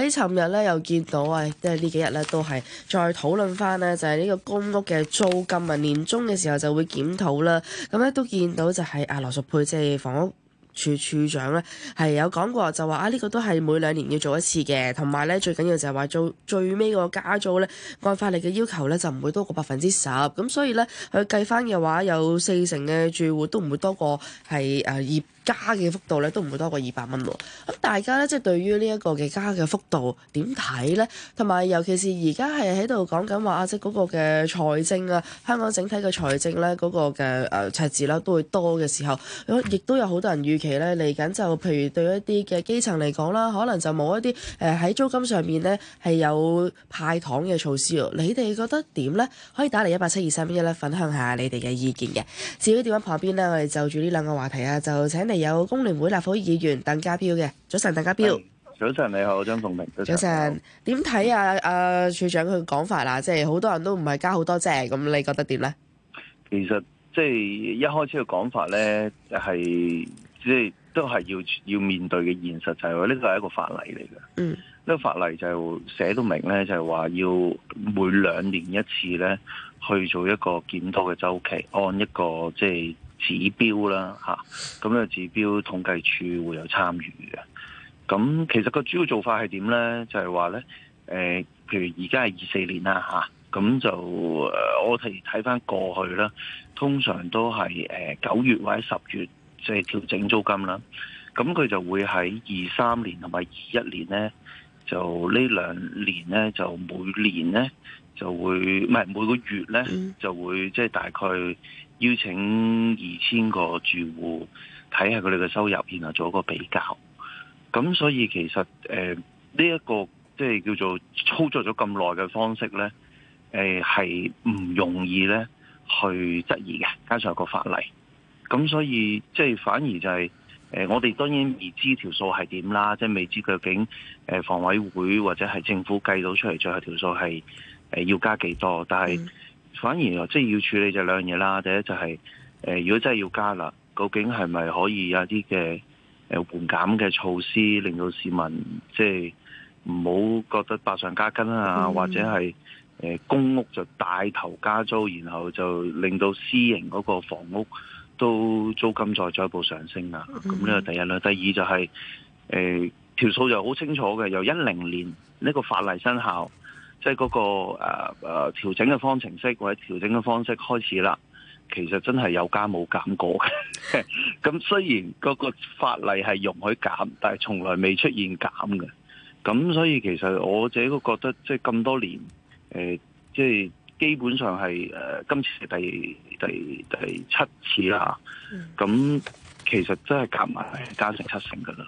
喺尋日咧又見到啊，即、哎、係呢幾日咧都係再討論翻咧，就係、是、呢個公屋嘅租金啊，年中嘅時候就會檢討啦。咁咧都見到就係、是、阿、啊、羅淑佩即係房屋處處長咧係有講過就，就話啊呢、這個都係每兩年要做一次嘅，同埋咧最緊要就係話做最尾個加租咧，按法律嘅要求咧就唔會多過百分之十。咁所以咧佢計翻嘅話，有四成嘅住戶都唔會多過係加嘅幅度咧都唔會多過二百蚊喎，咁大家咧即係對於呢一個嘅加嘅幅度點睇咧？同埋尤其是而家係喺度講緊話，啊，即係嗰個嘅財政啊，香港整體嘅財政咧嗰個嘅誒赤字啦都會多嘅時候，亦都有好多人預期咧嚟緊就譬如對一啲嘅基層嚟講啦，可能就冇一啲誒喺租金上面咧係有派糖嘅措施喎。你哋覺得點咧？可以打嚟一八七二三一零分享一下你哋嘅意見嘅。至於電話旁邊咧，我哋就住呢兩個話題啊，就請你。有工聯會立法會議員鄧家彪嘅，早晨，鄧家彪。早晨你好，張鳳明。早晨，早晨，點睇啊？啊，處長佢講法啦、啊，即係好多人都唔係加好多啫，咁你覺得點咧？其實即係、就是、一開始嘅講法咧，係即係都係要要面對嘅現實就係、是、呢個係一個法例嚟嘅。嗯，呢、這個法例就寫、是、到明咧，就係、是、話要每兩年一次咧，去做一個檢討嘅周期，按一個即係。就是指標啦，吓咁有指標統計處會有參與嘅。咁其實個主要做法係點咧？就係話咧，誒，譬如而家係二四年啦，吓咁就我哋睇翻過去啦，通常都係誒九月或者十月即係調整租金啦。咁佢就會喺二三年同埋二一年咧，就呢兩年咧，就每年咧就會唔係每個月咧就會即係大概。邀請二千個住戶睇下佢哋嘅收入，然後做一個比較。咁所以其實誒呢一個即係叫做操作咗咁耐嘅方式呢，誒係唔容易呢去質疑嘅，加上有個法例。咁所以即係反而就係、是、誒、呃、我哋當然未知條數係點啦，即係未知究竟誒房委會或者係政府計到出嚟最後條數係誒要加幾多，但係。嗯反而即係要處理就兩樣嘢啦。第一就係、是呃，如果真係要加啦，究竟係咪可以有啲嘅誒緩減嘅措施，令到市民即係唔好覺得百上加斤啊，嗯、或者係、呃、公屋就帶頭加租，然後就令到私營嗰個房屋都租金再進一步上升啦。咁呢個第一啦。第二就係、是、誒、呃、條數就好清楚嘅，由一零年呢、呢個法例生效。即係嗰個誒誒調整嘅方程式或者調整嘅方式開始啦，其實真係有加冇減過嘅。咁雖然個個法例係容許減，但係從來未出現減嘅。咁所以其實我自己都覺得，即係咁多年誒，即、呃、係基本上係誒、呃、今次係第第第七次啦。咁其實真係加埋加成七成噶啦。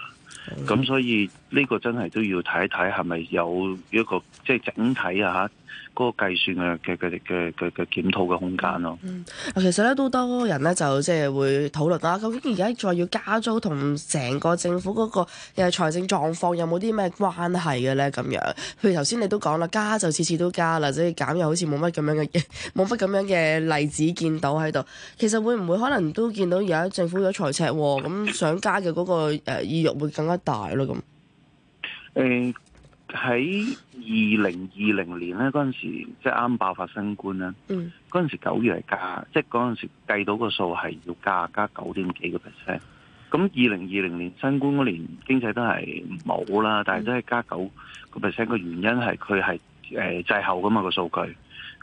咁、嗯、所以呢個真係都要睇一睇係咪有一個即係、就是、整體啊嚇嗰、那個計算嘅嘅嘅嘅嘅檢討嘅空間咯、嗯。其實咧都多人咧就即係會討論啦、啊。究竟而家再要加租同成個政府嗰個嘅財政狀況有冇啲咩關係嘅咧？咁樣，譬如頭先你都講啦，加就次次都加啦，即、就、以、是、減又好似冇乜咁樣嘅嘢，冇乜咁樣嘅例子見到喺度。其實會唔會可能都見到而家政府有財赤喎？咁想加嘅嗰、那個、呃、意欲會更加。大咯，咁。誒， 喺二零二零年咧，嗰陣時即係啱爆發新冠啦。嗯。嗰陣時九月係加，即係嗰陣時計到個數係要加加九點幾個 percent。咁二零二零年新冠嗰年經濟都係冇啦，但係都係加九個 percent。個原因係佢係誒滯後噶嘛個數據，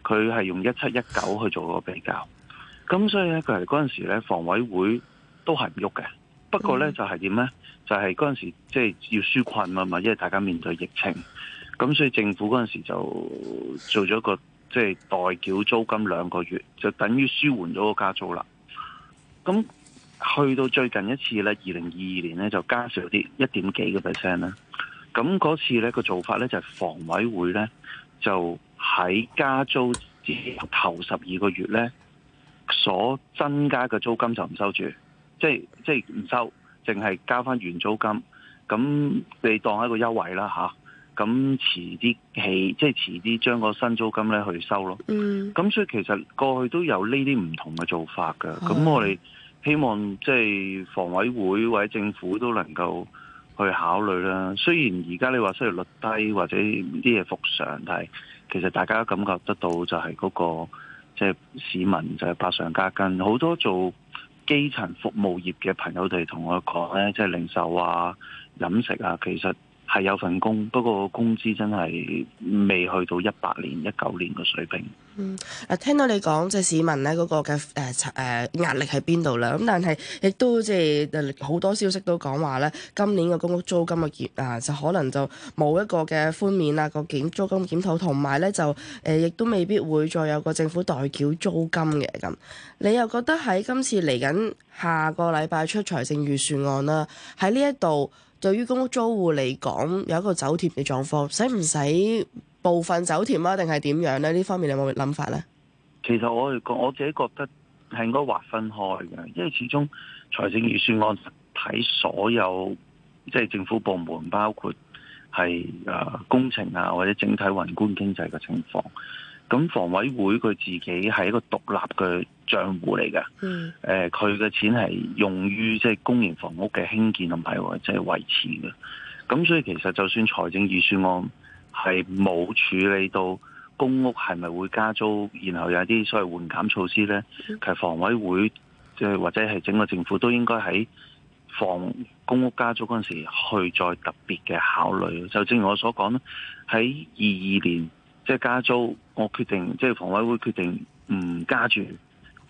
佢係用一七一九去做個比較。咁所以咧，佢哋嗰陣時咧，房委會都係唔喐嘅。不過咧、嗯，就係點咧？就係、是、嗰時時，即係要舒困啊嘛，因為大家面對疫情，咁所以政府嗰時時就做咗個即係代繳租金兩個月，就等於舒緩咗個加租啦。咁去到最近一次呢，二零二二年呢，就加少啲，一點幾個 percent 啦。咁嗰次呢那個做法呢，就係房委會呢，就喺加租頭十二個月呢，所增加嘅租金就唔收住，即即係唔收。淨係交翻原租金，咁你當一個優惠啦吓，咁遲啲起，即係遲啲將個新租金咧去收咯。嗯，咁所以其實過去都有呢啲唔同嘅做法㗎。咁我哋希望即係房委會或者政府都能夠去考慮啦。雖然而家你話收益率低或者啲嘢復常，但係其實大家都感覺得到就係嗰個即係市民就係百上加斤，好多做基層服務業嘅朋友哋同我講呢，即係零售啊、飲食啊，其實係有份工，不過工資真係未去到一八年、一九年嘅水平。嗯，嗱，聽到你講即係市民咧嗰個嘅誒誒壓力喺邊度啦，咁但係亦都即係好多消息都講話咧，今年嘅公屋租金嘅檢啊，就可能就冇一個嘅寬免啊個檢租金檢討，同埋咧就誒亦、呃、都未必會再有個政府代繳租金嘅咁。你又覺得喺今次嚟緊下，下個禮拜出財政預算案啦，喺呢一度對於公屋租戶嚟講有一個走貼嘅狀況，使唔使？部分走甜啊，定係點樣咧？呢方面有冇諗法咧？其實我嚟講，我自己覺得係應該劃分開嘅，因為始終財政預算案睇所有即係、就是、政府部門，包括係誒工程啊，或者整體宏觀經濟嘅情況。咁房委會佢自己係一個獨立嘅賬戶嚟嘅，誒、嗯，佢、呃、嘅錢係用於即係、就是、公營房屋嘅興建，唔係話即係維持嘅。咁所以其實就算財政預算案。係冇處理到公屋係咪會加租，然後有啲所謂緩減措施呢。其實房委會即係或者係整個政府都應該喺房公屋加租嗰陣時去再特別嘅考慮，就正如我所講喺二二年即係、就是、加租，我決定即係、就是、房委會決定唔加住。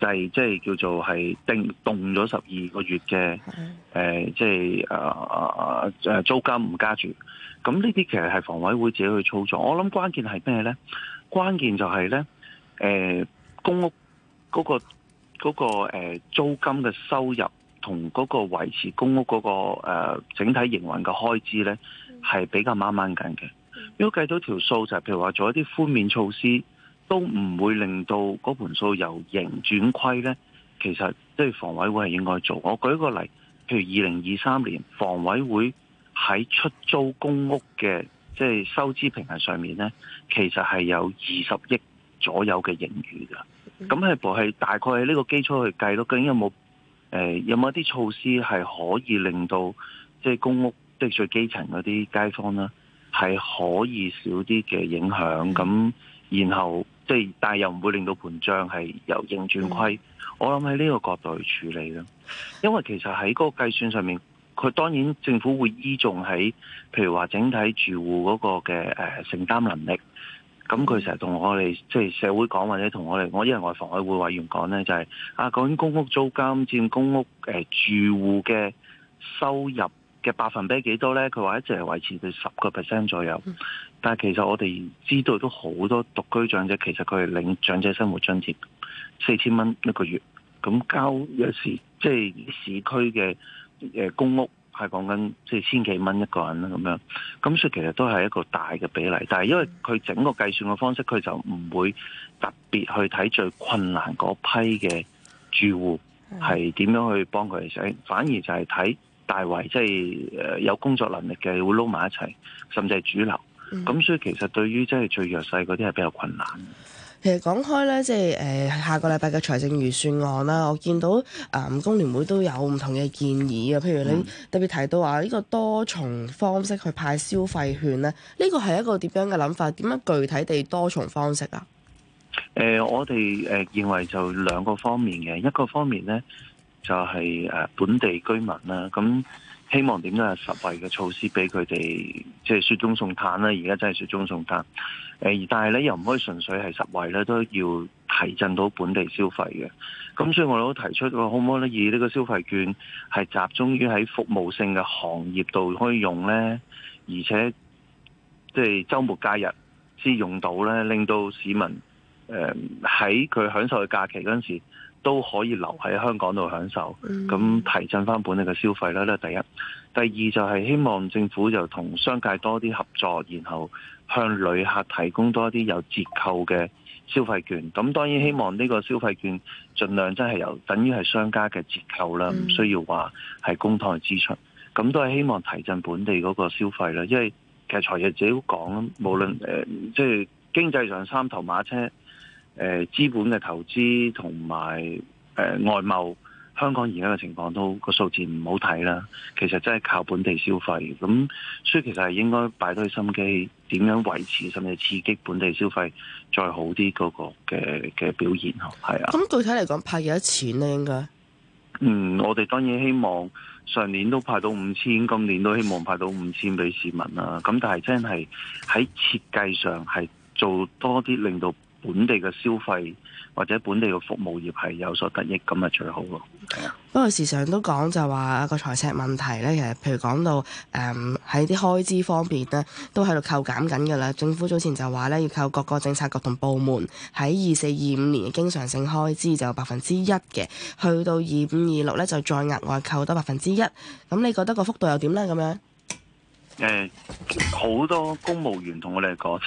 係即係叫做係定凍咗十二個月嘅誒，即係誒誒租金唔加住，咁呢啲其實係房委會自己去操作。我諗關鍵係咩咧？關鍵就係咧，誒公屋嗰個嗰個誒租金嘅收入同嗰個維持公屋嗰個誒整體營運嘅開支咧，係比較掹掹緊嘅。如果計到條數，就係譬如話做一啲寬免措施。都唔會令到嗰盤數由盈轉虧呢。其實即係房委會係應該做。我舉個例，譬如二零二三年房委會喺出租公屋嘅即係收支平衡上面呢，其實係有二十億左右嘅盈餘㗎。咁係部係大概喺呢個基礎去計，究竟有冇誒有冇一啲措施係可以令到即係公屋即係最基層嗰啲街坊啦，係可以少啲嘅影響咁、mm -hmm.，然後？即係，但又唔會令到盤帳係由盈轉虧。我諗喺呢個角度去處理咯。因為其實喺嗰個計算上面，佢當然政府會依重喺，譬如話整體住戶嗰個嘅、呃、承擔能力。咁佢成日同我哋即係社會講，或者同我哋，我因為我房委會委員講咧，就係、是、啊講公屋租金佔公屋、呃、住戶嘅收入。嘅百分比幾多咧？佢話一直係維持到十個 percent 左右，嗯、但係其實我哋知道都好多獨居長者，其實佢係領長者生活津貼四千蚊一個月，咁交有時即係、誒、市區嘅公屋係講緊即係千幾蚊一個人啦，咁樣，咁所以其實都係一個大嘅比例，但係因為佢整個計算嘅方式，佢就唔會特別去睇最困難嗰批嘅住戶係點樣去幫佢哋使，反而就係睇。大圍即係誒有工作能力嘅會撈埋一齊，甚至係主流。咁、嗯、所以其實對於即係最弱勢嗰啲係比較困難。其實講開咧，即係誒下個禮拜嘅財政預算案啦，我見到誒工聯會都有唔同嘅建議啊。譬如你特別提到話呢、嗯這個多重方式去派消費券咧，呢個係一個點樣嘅諗法？點樣具體地多重方式啊？誒、呃，我哋誒認為就兩個方面嘅，一個方面咧。就係、是、誒本地居民啦，咁希望點都係實惠嘅措施俾佢哋，即係雪中送炭啦。而家真係雪中送炭，誒而但係咧又唔可以純粹係實惠咧，都要提振到本地消費嘅。咁所以我都提出，可唔可以以呢個消費券係集中於喺服務性嘅行業度可以用咧，而且即係、就是、週末假日先用到咧，令到市民誒喺佢享受嘅假期嗰陣時。都可以留喺香港度享受，咁提振翻本地嘅消費啦。第一，第二就係希望政府就同商界多啲合作，然後向旅客提供多啲有折扣嘅消費券。咁當然希望呢個消費券盡量真係由等於係商家嘅折扣啦，唔需要話係公帑嘅支出。咁都係希望提振本地嗰個消費啦。因為其實財爺自己都講，無論誒即係經濟上三頭馬車。誒，資本嘅投資同埋誒外貿，香港而家嘅情況都個數字唔好睇啦。其實真係靠本地消費，咁所以其實係應該擺多啲心機，點樣維持甚至刺激本地消費再好啲嗰個嘅嘅表現。係啊。咁具體嚟講，派幾多錢呢？應該嗯，我哋當然希望上年都派到五千，今年都希望派到五千俾市民啦。咁但係真係喺設計上係做多啲，令到。本地嘅消費或者本地嘅服務業係有所得益，咁咪最好咯。不過時常都講就話個財赤問題咧，其實譬如講到誒喺啲開支方面咧，都喺度扣減緊㗎啦。政府早前就話咧，要扣各個政策局同部門喺二四二五年嘅經常性開支就有百分之一嘅，去到二五二六咧，就再額外扣多百分之一。咁你覺得個幅度又點咧？咁樣？誒、呃，好多公務員同我哋嚟講，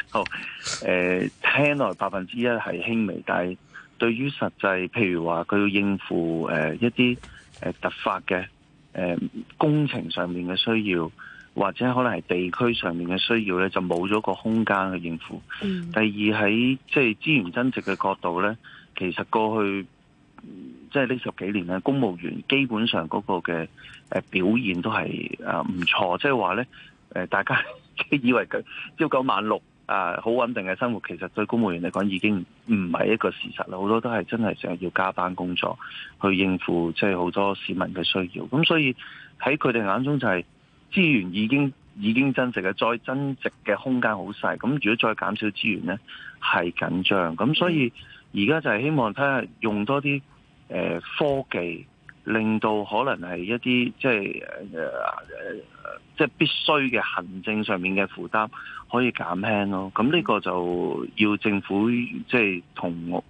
誒、呃、聽來百分之一係輕微，但係對於實際，譬如話佢要應付誒、呃、一啲誒突發嘅誒、呃、工程上面嘅需要，或者可能係地區上面嘅需要咧，就冇咗個空間去應付。嗯、第二喺即係資源增值嘅角度咧，其實過去即係呢十幾年咧，公務員基本上嗰個嘅誒表現都係啊唔錯，即係話咧。誒，大家以為佢朝九晚六啊，好穩定嘅生活，其實對公務員嚟講已經唔係一個事實啦。好多都係真係想要加班工作，去應付即係好多市民嘅需要。咁所以喺佢哋眼中就係資源已經已經增值嘅再增值嘅空間好細。咁如果再減少資源呢，係緊張。咁所以而家就係希望睇下用多啲科技。令到可能係一啲即係誒誒誒，即係、呃、必須嘅行政上面嘅負擔可以減輕咯。咁呢個就要政府即係同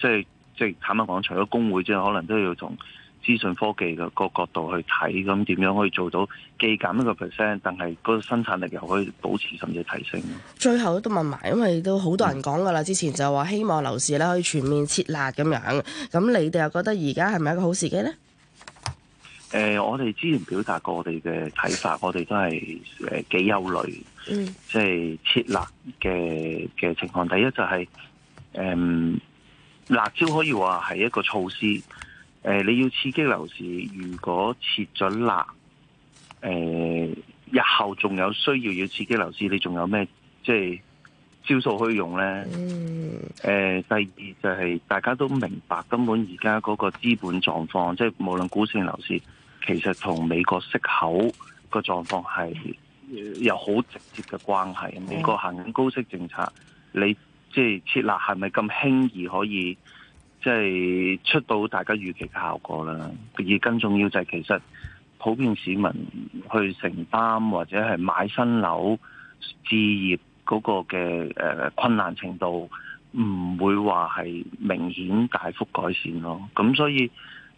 即係即係坦白講，除咗工會之外，即係可能都要從資訊科技嘅個角度去睇，咁點樣可以做到既減一個 percent，但係個生產力又可以保持甚至提升。最後都問埋，因為都好多人講噶啦，之前就話希望樓市咧可以全面撤辣咁樣。咁你哋又覺得而家係咪一個好時機咧？誒、呃，我哋之前表達過我哋嘅睇法，我哋都係誒、呃、幾憂慮，即係撤辣嘅嘅情況。第一就係、是、誒、嗯、辣招可以話係一個措施、呃。你要刺激樓市，如果撤咗辣，誒、呃，日後仲有需要要刺激樓市，你仲有咩即係招數可以用咧？誒、呃，第二就係、是、大家都明白根本而家嗰個資本狀況，即、就、係、是、無論股市樓、樓市，其實同美國息口個狀況係有好直接嘅關係。美國行緊高息政策，你即係設立係咪咁輕易可以即係出到大家預期嘅效果啦？而更重要就係其實普遍市民去承擔或者係買新樓置業嗰個嘅誒困難程度，唔會話係明顯大幅改善咯。咁所以。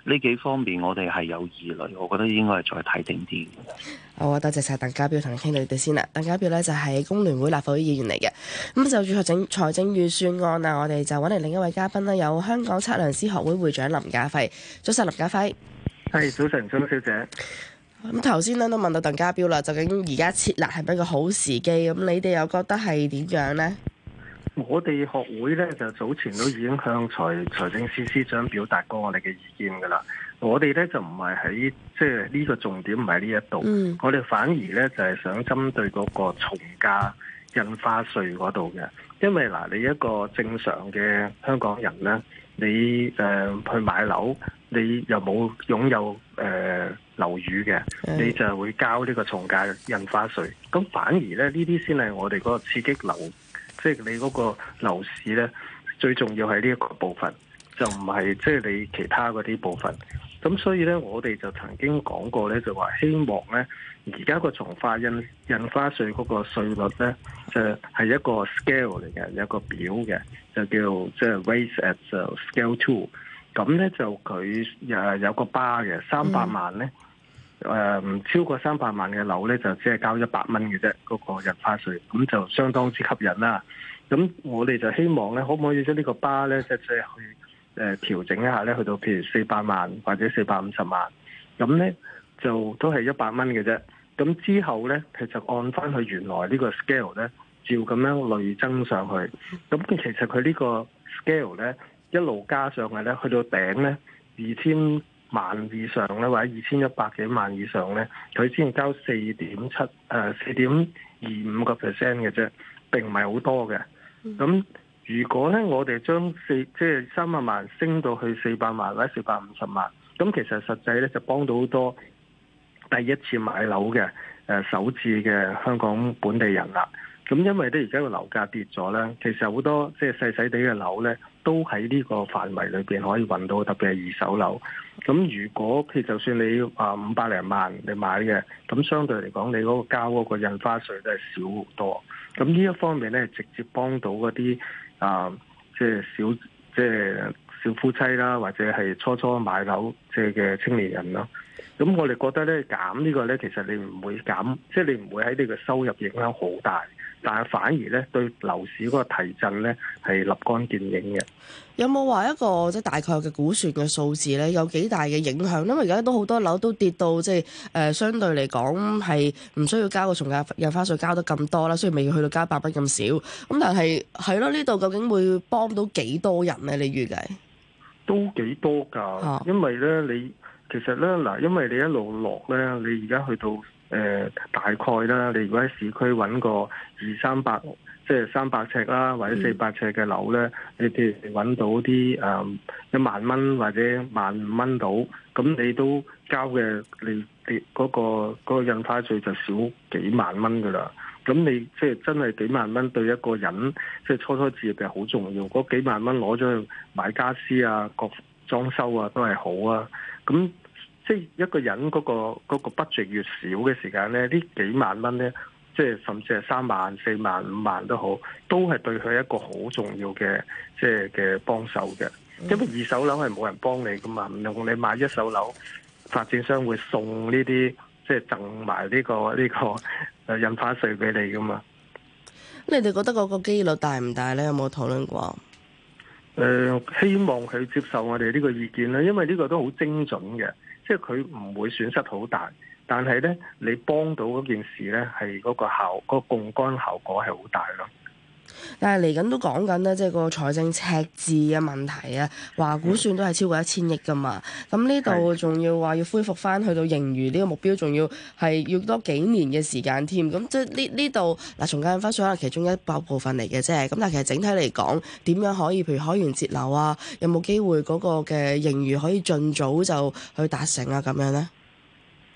呢幾方面我哋係有疑慮，我覺得應該係再睇定啲。好、哦，多謝晒，鄧家彪同你傾到你哋先啦。鄧家彪呢就係工聯會立法會議員嚟嘅。咁就住財政財政預算案啊，我哋就揾嚟另一位嘉賓啦，有香港測量師學會會長林家輝。早晨，林家輝。係早晨，早晨，小姐。咁頭先呢都問到鄧家彪啦，究竟而家設立係咪一個好時機？咁你哋又覺得係點樣呢？我哋學會咧就早前都已經向財財政司司長表達過我哋嘅意見噶啦。我哋咧就唔係喺即係呢、這個重點唔喺呢一度，我哋反而咧就係、是、想針對嗰個從價印花稅嗰度嘅。因為嗱，你一個正常嘅香港人咧，你誒、呃、去買樓，你又冇擁有誒、呃、樓宇嘅，你就會交呢個從價印花稅。咁反而咧呢啲先係我哋嗰個刺激樓。即、就、係、是、你嗰個樓市咧，最重要係呢一個部分，就唔係即係你其他嗰啲部分。咁所以咧，我哋就曾經講過咧，就話希望咧，而家個從化印印花稅嗰個稅率咧，就係、是、一個 scale 嚟嘅，有個表嘅，就叫即係 raise at scale two。咁咧就佢誒有個 bar 嘅三百萬咧。嗯誒、嗯、唔超過三百萬嘅樓咧，就只係交一百蚊嘅啫，嗰、那個印花稅，咁就相當之吸引啦。咁我哋就希望咧，可唔可以將呢個巴咧，即、就、係、是、去誒、呃、調整一下咧，去到譬如四百萬或者四百五十萬，咁咧就都係一百蚊嘅啫。咁之後咧，其實按翻佢原來呢個 scale 咧，照咁樣累增上去。咁其實佢呢個 scale 咧，一路加上去咧，去到頂咧二千萬以上咧，或者二千一百幾萬以上咧，佢先至交四點七，誒、四點二五個 percent 嘅啫，並唔係好多嘅。咁如果咧，我哋將四、即係三百萬升到去四百萬或者四百五十萬，咁其實實際咧就幫到好多第一次買樓嘅、誒、首次嘅香港本地人啦。咁因為咧而家個樓價跌咗咧，其實好多即係細細哋嘅樓咧，都喺呢個範圍裏面可以揾到，特別係二手樓。咁如果譬如就算你啊五百零萬你買嘅，咁相對嚟講你嗰個交嗰個印花稅都係少好多。咁呢一方面咧，直接幫到嗰啲啊，即係小即係小夫妻啦，或者係初初買樓即係嘅青年人咯。咁我哋覺得咧減呢個咧，其實你唔會減，即係你唔會喺呢個收入影響好大。但係反而咧，對樓市嗰個提振咧係立竿見影嘅。有冇話一個即係大概嘅估算嘅數字咧？有幾大嘅影響？因為而家都好多樓都跌到即係誒，相對嚟講係唔需要交個重價印花稅交得咁多啦。雖然未去到加百蚊咁少，咁但係係咯，呢度究竟會幫到幾多人咧？你預計都幾多㗎、哦？因為咧，你其實咧嗱，因為你一路落咧，你而家去到。誒、呃、大概啦，你如果喺市區揾個二三百，即係三百尺啦，或者四百尺嘅樓呢，你譬如揾到啲誒、嗯、一萬蚊或者萬五蚊到，咁你都交嘅你你、那、嗰、個那個印花稅就少幾萬蚊噶啦。咁你即係真係幾萬蚊對一個人，即係初初置業嘅好重要。嗰幾萬蚊攞咗去買家私啊，各裝修啊都係好啊。咁即係一個人嗰個個 budget 越少嘅時間咧，呢幾萬蚊咧，即係甚至係三萬、四萬、五萬都好，都係對佢一個好重要嘅即係嘅幫手嘅。因為二手樓係冇人幫你噶嘛，唔用你買一手樓，發展商會送呢啲即係贈埋呢個呢、呢個印花稅俾你噶嘛。你哋覺得嗰個機率大唔大咧？有冇討論過？誒、嗯，希望佢接受我哋呢個意見啦，因為呢個都好精準嘅。即係佢唔會損失好大，但係咧，你幫到嗰件事咧，係嗰個效、嗰個槓桿效果係好大咯。但係嚟緊都講緊呢，即係個財政赤字嘅問題啊，話估算都係超過一千億噶嘛。咁呢度仲要話要恢復翻去到盈餘呢個目標，仲要係要多幾年嘅時間添。咁即係呢呢度嗱，從緊緊翻數可能其中一部分嚟嘅啫。咁但係其實整體嚟講，點樣可以，譬如開源節流啊，有冇機會嗰個嘅盈餘可以盡早就去達成啊？咁樣咧？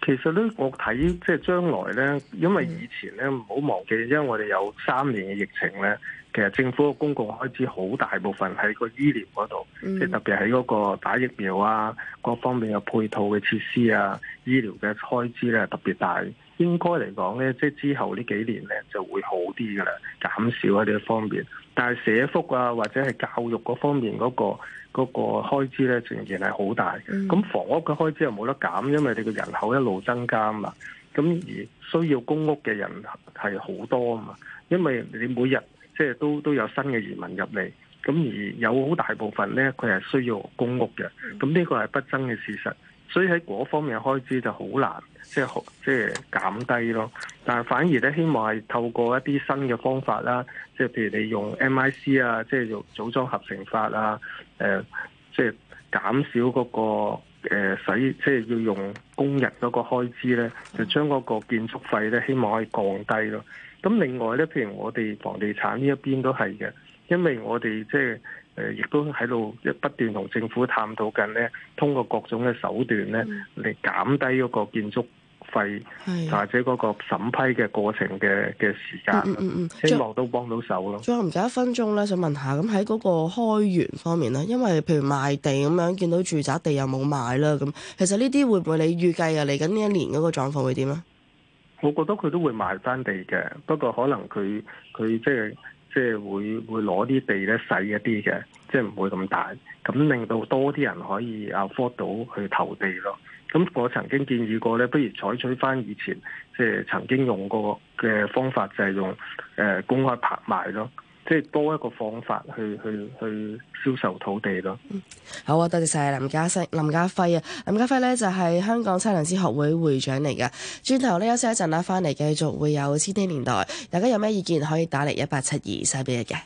其實咧，我睇即係將來咧，因為以前咧唔好忘記，因為我哋有三年嘅疫情咧，其實政府嘅公共開支好大部分喺個醫療嗰度，即係特別喺嗰個打疫苗啊，各方面嘅配套嘅設施啊，醫療嘅開支咧特別大。應該嚟講呢即係之後呢幾年呢就會好啲嘅啦，減少一啲方面。但係社福啊，或者係教育嗰方面嗰個嗰個開支呢，仍然係好大。咁房屋嘅開支又冇得減，因為你個人口一路增加啊嘛。咁而需要公屋嘅人係好多啊嘛，因為你每日即係都都有新嘅移民入嚟。咁而有好大部分呢，佢係需要公屋嘅。咁呢個係不爭嘅事實。所以喺嗰方面嘅開支就好難，即係好即係減低咯。但係反而咧，希望係透過一啲新嘅方法啦，即係譬如你用 MIC 啊，即係用組裝合成法啊，誒，即係減少嗰個誒使，即係要用工人嗰個開支咧，就將嗰個建築費咧，希望可以降低咯。咁另外咧，譬如我哋房地產呢一邊都係嘅，因為我哋即係。即係誒，亦都喺度不斷同政府探討緊咧，通過各種嘅手段咧，嚟減低嗰個建築費，或者嗰個審批嘅過程嘅嘅時間。嗯嗯，嗯，希望都幫到手咯。最後唔夠一分鐘咧，想問下，咁喺嗰個開源方面咧，因為譬如賣地咁樣，見到住宅地又冇賣啦，咁其實呢啲會唔會你預計啊？嚟緊呢一年嗰個狀況會點呀？我覺得佢都會賣翻地嘅，不過可能佢佢即係即係會會攞啲地咧細一啲嘅，即係唔會咁大，咁令到多啲人可以 afford 到去投地咯。咁我曾經建議過咧，不如採取翻以前即係曾經用過嘅方法，就係用誒公開拍賣咯。即係多一個方法去去去銷售土地咯。好啊，多謝晒林家生、林家輝啊。林家輝咧就係香港測量師學會會長嚟噶。轉頭咧休息一陣啦，翻嚟繼續會有千禧年代，大家有咩意見可以打嚟一八七二三一一嘅。